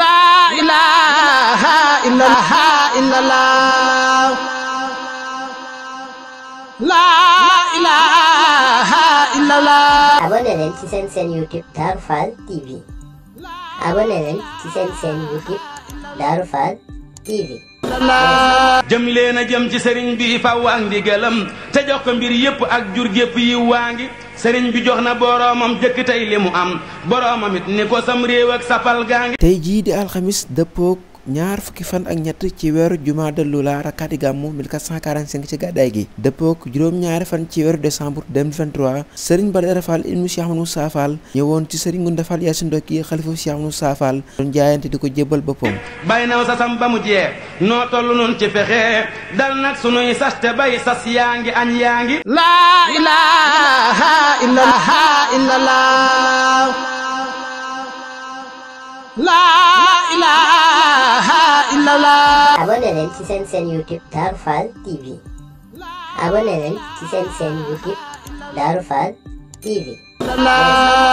laa ilaaha illallaah laa ilaaha illallaah abonné leen ci seen seen ci seen YouTube Darou Fall TV jëm leen a jëm ci sëriñ bi faw ak ndigalam te jox ko mbir yépp ak jur gépp yi waa ngi sëriñ bi jox na boroomam jëkk tey li mu am boroomam it ni ko sam réew ak sapal gaa ngi tey jii di alxamis dëppook ñaar fukki fan ak ñett ci weeru jumaada la rakkaati gàmmu 1445 ci gàddaay gi dëppook juróom-ñaari fan ci weeru décembre 2023 sëriñ Badara Fall ilmu Cheikh Moussa Fall ñëwoon ci sëriñ Ngunda Fall Yaasin Ndokki xalifu Cheikh Moussa Fall doon jaayante di ko jébbal boppam bàyyi naw sa sam ba mu jeex noo toll nun ci pexe dal nag sunuy sas te bay sas yaa ngi añ yaa ngi laa ilaaha illallah laa ilaaha illallah abonné leen ci seen seen youtube Darou Fall TV abonné leen ci seen seen youtube Darou Fall TV